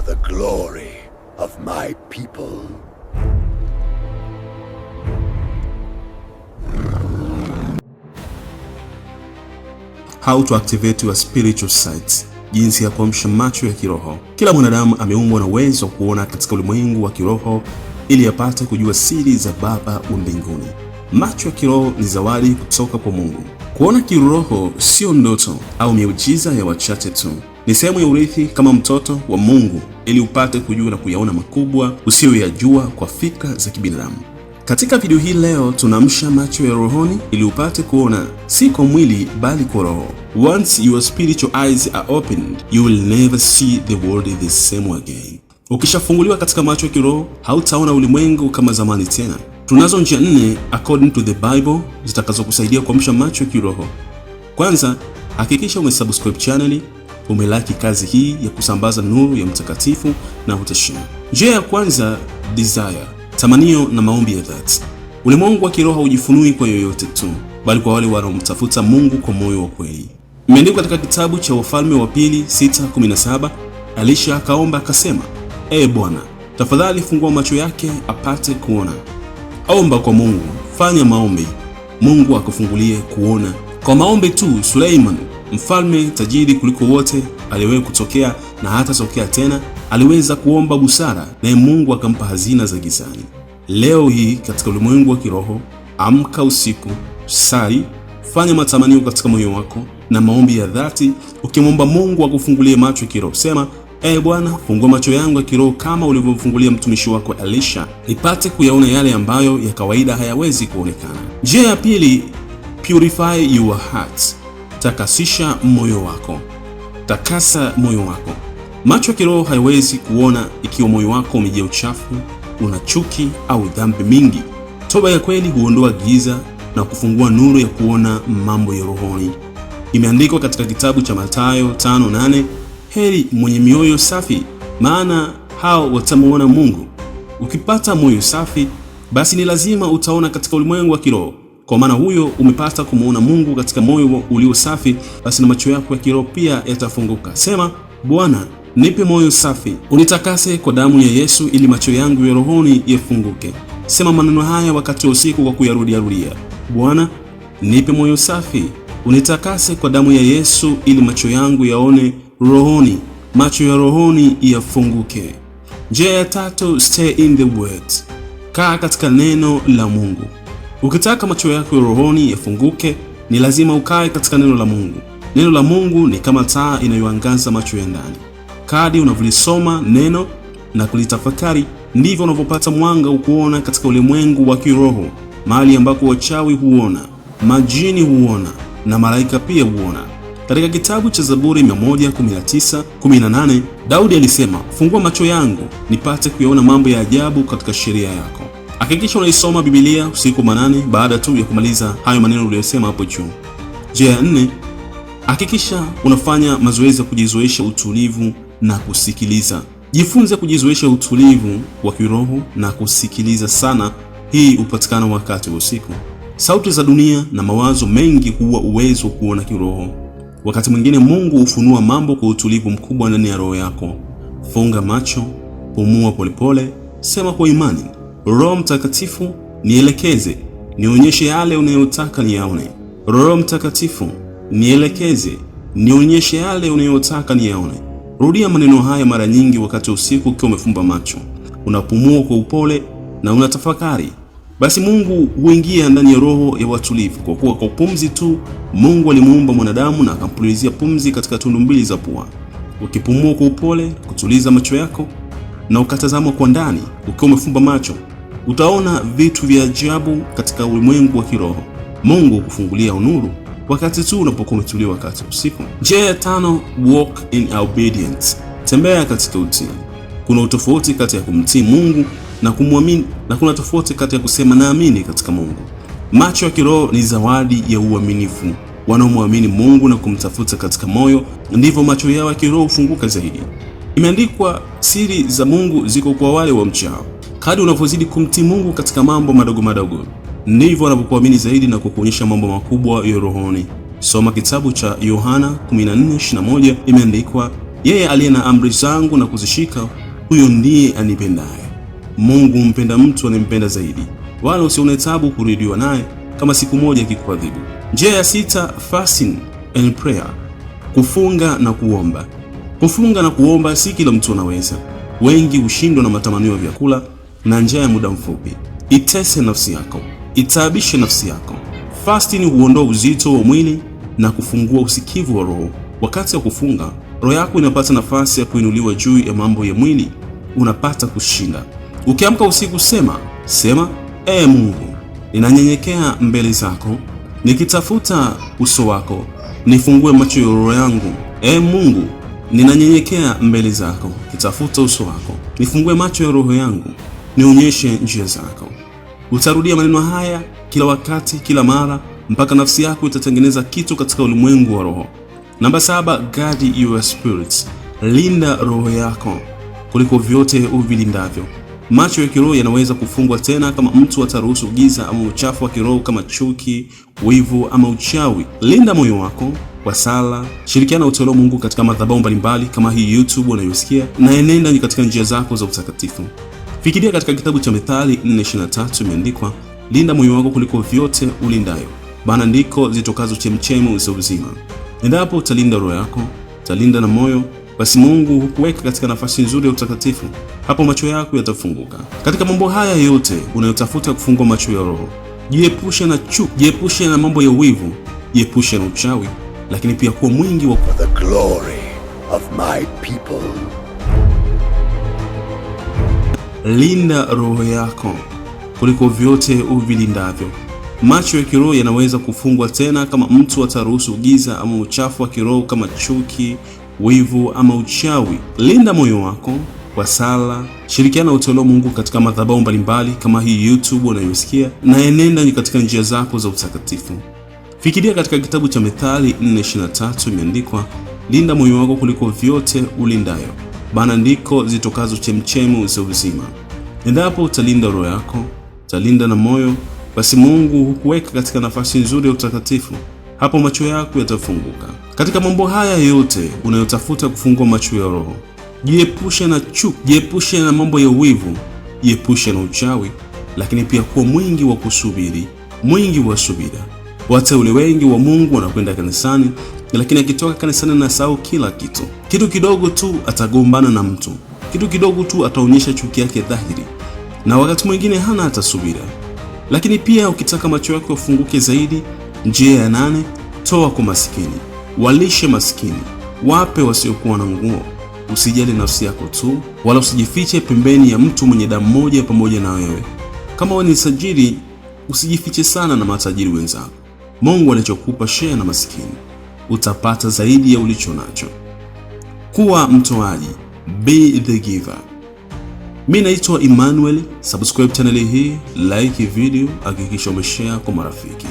for the glory of my people. How to activate your spiritual sight. Jinsi ya kuamsha macho ya kiroho. Kila mwanadamu ameumbwa na uwezo wa kuona katika ulimwengu wa kiroho ili apate kujua siri za Baba wa mbinguni. Macho ya kiroho ni zawadi kutoka kwa Mungu. Kuona kiroho sio ndoto au miujiza ya wachache tu ni sehemu ya urithi kama mtoto wa Mungu ili upate kujua na kuyaona makubwa usiyoyajua kwa fikra za kibinadamu. Katika video hii leo tunaamsha macho ya rohoni ili upate kuona si kwa mwili bali kwa roho. Once your spiritual eyes are opened, you will never see the world the same again. Ukishafunguliwa katika macho ya kiroho, hautaona ulimwengu kama zamani tena. Tunazo njia nne according to the Bible zitakazokusaidia kuamsha macho ya kiroho. Kwanza, hakikisha umesubscribe channel umelaki kazi hii ya kusambaza nuru ya mtakatifu na utashinda. Njia ya kwanza, desire, tamanio na maombi ya dhati. Ulimwengu wa kiroho haujifunui kwa yoyote tu, bali kwa wale wanaomtafuta Mungu kwa moyo wa kweli. Imeandikwa katika kitabu cha Wafalme wa Pili 6:17, Elisha akaomba akasema, ee Bwana, tafadhali fungua macho yake apate kuona. Omba kwa Mungu, fanya maombi, Mungu akufungulie kuona. Kwa maombi tu Suleiman Mfalme tajiri kuliko wote aliyewahi kutokea na tokea tena, aliweza kuomba busara, naye Mungu akampa hazina za gizani. Leo hii katika ulimwengu wa kiroho, amka usiku, sali, fanya matamanio katika moyo wako na maombi ya dhati, ukimwomba Mungu akufungulie macho kiroho. Sema, Ee Bwana, fungua macho yangu ya kiroho kama ulivyomfungulia mtumishi wako Elisha, nipate kuyaona yale ambayo ya kawaida hayawezi kuonekana. Njia ya pili, purify your heart takasisha moyo wako, takasa moyo wako. Macho ya kiroho haiwezi kuona ikiwa moyo wako umejaa uchafu, una chuki au dhambi mingi. Toba ya kweli huondoa giza na kufungua nuru ya kuona mambo ya rohoni. Imeandikwa katika kitabu cha Mathayo 5:8, heri mwenye mioyo safi, maana hao watamuona Mungu. Ukipata moyo safi, basi ni lazima utaona katika ulimwengu wa kiroho. Kwa maana huyo umepata kumuona Mungu katika moyo ulio safi, basi na macho yako ya kiroho pia yatafunguka. Sema, Bwana nipe moyo safi, unitakase kwa damu ya Yesu, ili macho yangu ya rohoni yafunguke. Sema maneno haya wakati wa usiku kwa kuyarudiarudia: Bwana nipe moyo safi, unitakase kwa damu ya Yesu, ili macho yangu yaone rohoni, macho ya rohoni yafunguke. Njia ya tatu, stay in the word, kaa katika neno la Mungu. Ukitaka macho yako ya rohoni yafunguke, ni lazima ukae katika neno la Mungu. Neno la Mungu ni kama taa inayoangaza macho ya ndani. Kadi unavyolisoma neno na kulitafakari, ndivyo unavyopata mwanga ukuona katika ulimwengu wa kiroho, mahali ambako wachawi huona, majini huona na malaika pia huona. Katika kitabu cha Zaburi 119:18 Daudi alisema, fungua macho yangu nipate kuyaona mambo ya ajabu katika sheria yako. Hakikisha unaisoma Biblia usiku manane baada tu ya kumaliza hayo maneno uliyosema hapo juu. Njia ya nne, hakikisha unafanya mazoezi ya kujizoesha utulivu na kusikiliza. Jifunze kujizoesha utulivu wa kiroho na kusikiliza sana. Hii hupatikana wakati wa usiku. Sauti za dunia na mawazo mengi huwa uwezo wa kuona kiroho. Wakati mwingine Mungu hufunua mambo kwa utulivu mkubwa ndani ya roho yako. Funga macho, pumua polepole, sema kwa imani Roho Mtakatifu, nielekeze, nionyeshe yale unayotaka niyaone. Roho Mtakatifu, nielekeze, nionyeshe yale unayotaka niyaone. Rudia maneno haya mara nyingi wakati usiku ukiwa umefumba macho, unapumua kwa upole na unatafakari. Basi Mungu huingia ndani ya roho ya watulivu, kwa kuwa kwa pumzi tu Mungu alimuumba mwanadamu na akampulizia pumzi katika tundu mbili za pua. Ukipumua kwa upole, kutuliza macho yako na ukatazama kwa ndani ukiwa umefumba macho Utaona vitu vya ajabu katika ulimwengu wa kiroho. Mungu kufungulia unuru wakati tu unapokuwa umetulia wakati usiku. Njia ya tano, walk in obedience, tembea katika utii. Kuna utofauti kati ya kumtii Mungu na kumwamini, na kuna tofauti kati ya kusema naamini katika Mungu. Macho ya kiroho ni zawadi ya uaminifu. Wanaomwamini Mungu na kumtafuta katika moyo, ndivyo macho yao ya kiroho hufunguka zaidi. Imeandikwa, siri za Mungu ziko kwa wale wa mchao. Kadri unavyozidi kumtii Mungu katika mambo madogo madogo, ndivyo anavyokuamini zaidi na kukuonyesha mambo makubwa ya rohoni. Soma kitabu cha Yohana 14:21, imeandikwa yeye aliye na amri zangu na kuzishika, huyo ndiye anipendaye. Mungu humpenda mtu anempenda zaidi, wala usione tabu kuridhiwa naye kama siku moja akikuadhibu. Njia ya sita, fasting and prayer, kufunga na kuomba. Kufunga na kuomba si kila mtu anaweza. Wengi hushindwa na matamanio ya vyakula na njaa ya muda mfupi. Itese nafsi yako, itaabishe nafsi yako. Fasting huondoa uzito wa mwili na kufungua usikivu wa roho. Wakati wa kufunga, roho yako inapata nafasi ya kuinuliwa juu ya mambo ya mwili, unapata kushinda. Ukiamka usiku, sema sema, ee Mungu, ninanyenyekea mbele zako nikitafuta uso wako, nifungue macho ya roho yangu. Ee Mungu, ninanyenyekea mbele zako nikitafuta uso wako, nifungue macho ya roho yangu nionyeshe njia zako. Utarudia maneno haya kila wakati, kila mara, mpaka nafsi yako itatengeneza kitu katika ulimwengu wa roho. Namba saba, guard your spirit, linda roho yako kuliko vyote uvilindavyo. Macho ya kiroho yanaweza kufungwa tena kama mtu ataruhusu giza ama uchafu wa kiroho kama chuki, wivu ama uchawi. Linda moyo wako kwa sala, shirikiana utoleo Mungu katika madhabahu mbalimbali kama hii YouTube unayosikia, na enenda katika njia zako za utakatifu. Fikiria katika kitabu cha Methali 4:23 imeandikwa, linda moyo wako kuliko vyote ulindayo, maana ndiko zitokazo chemchemu za uzima. Endapo utalinda roho yako, utalinda na moyo, basi Mungu hukuweka katika nafasi nzuri ya utakatifu, hapo macho yako yatafunguka. Katika mambo haya yote unayotafuta kufungua macho ya roho, jiepushe na chuki, jiepushe na mambo ya uwivu, jiepushe na uchawi, lakini pia kuwa mwingi wa the glory of my people linda roho yako kuliko vyote uvilindavyo. Macho ya kiroho yanaweza kufungwa tena kama mtu ataruhusu giza ama uchafu wa kiroho kama chuki, wivu ama uchawi. Linda moyo wako kwa sala, shirikiana na utoleo Mungu katika madhabahu mbalimbali kama hii YouTube unayosikia, na enenda katika njia zako za utakatifu. Fikiria katika kitabu cha Methali 4:23 imeandikwa, linda moyo wako kuliko vyote ulindayo. Bana ndiko zitokazo chemchemu za uzima. Endapo utalinda roho yako, utalinda na moyo, basi Mungu hukuweka katika nafasi nzuri ya utakatifu, hapo macho yako yatafunguka. Katika mambo haya yote unayotafuta kufungua macho ya roho, jiepushe na chuki, jiepushe na mambo ya uwivu, jiepushe na uchawi, lakini pia kuwa mwingi wa kusubiri, mwingi wa subira. Wateule wengi wa Mungu wanakwenda kanisani lakini akitoka kanisani anasahau kila kitu. Kitu kidogo tu atagombana na mtu, kitu kidogo tu ataonyesha chuki yake dhahiri, na wakati mwingine hana hata subira. Lakini pia ukitaka macho yako yafunguke zaidi, njia ya nane, toa kwa masikini, walishe masikini, wape wasiokuwa na nguo. Usijali nafsi yako tu, wala usijifiche pembeni ya mtu mwenye damu moja pamoja na wewe. Kama wewe ni sajiri, usijifiche sana na matajiri wenzako. Mungu anachokupa share na masikini utapata zaidi ya ulicho nacho. Kuwa mtoaji, be the giver. Mi naitwa Emmanuel. Subscribe chaneli hii, like video, hakikisha umeshare kwa marafiki.